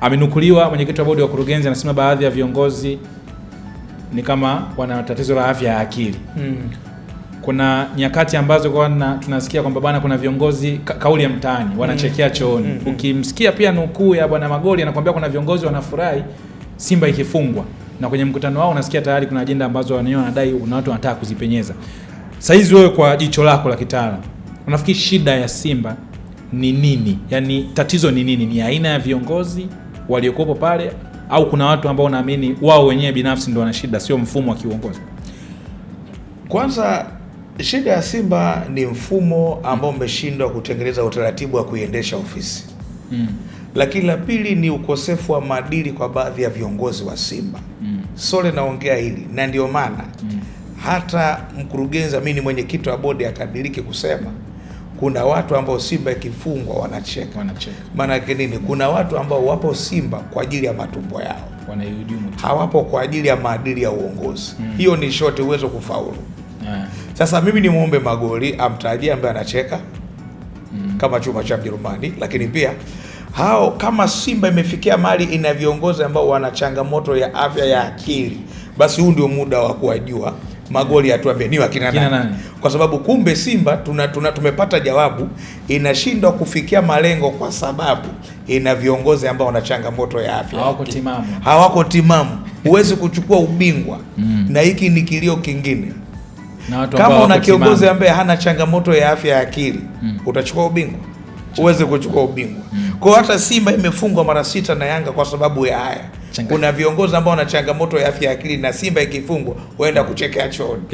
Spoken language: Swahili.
Amenukuliwa mwenyekiti wa bodi wa kurugenzi anasema baadhi ya viongozi ni kama wana tatizo la afya ya akili mm. Kuna nyakati ambazo kwa tunasikia kwamba bwana, kuna viongozi ka, kauli ya mtaani wanachekea hmm. chooni mm -hmm. Ukimsikia pia nukuu ya bwana Magoli anakuambia kuna viongozi wanafurahi Simba ikifungwa, na kwenye mkutano wao unasikia tayari kuna ajenda ambazo wenyewe wanadai na watu wanataka kuzipenyeza. Saizi wewe kwa jicho lako la kitaalamu unafikiri shida ya Simba ni nini? Yaani tatizo ni nini? Ni aina ya viongozi waliokopo pale, au kuna watu ambao naamini wao wenyewe binafsi ndio wana shida, sio mfumo wa kiuongozi? Kwanza, shida ya Simba ni mfumo ambao umeshindwa kutengeneza utaratibu wa kuiendesha ofisi mm. Lakini la pili ni ukosefu wa maadili kwa baadhi ya viongozi wa Simba mm. Sole naongea hili na ndio maana mm. hata mkurugenzi, mimi ni mwenyekiti wa bodi, akadiriki kusema kuna watu ambao Simba ikifungwa wanacheka, wanacheka. Maana yake nini? Kuna watu ambao wapo Simba kwa ajili ya matumbo yao, hawapo kwa ajili ya maadili ya uongozi mm. Hiyo ni shoti uwezo kufaulu yeah. Sasa mimi ni muombe magoli amtajia ambaye anacheka mm. kama chuma cha Mjerumani, lakini pia hao kama Simba imefikia mali ina viongozi ambao wana changamoto ya afya ya akili basi huu ndio muda wa kuwajua magoli atuambie ni wakina nani, kwa sababu kumbe Simba tuna, tuna tumepata jawabu, inashindwa kufikia malengo kwa sababu ina viongozi ambao wana changamoto ya afya, hawako timamu, hawako timamu. Huwezi kuchukua ubingwa mm. na hiki ni kilio kingine na kama una kiongozi ambaye hana changamoto ya afya ya akili mm. utachukua ubingwa? Huwezi kuchukua ubingwa mm. Kwa hata Simba imefungwa mara sita na Yanga kwa sababu ya haya kuna viongozi ambao wana changamoto ya afya ya akili, na Simba ikifungwa huenda kuchekea chooni.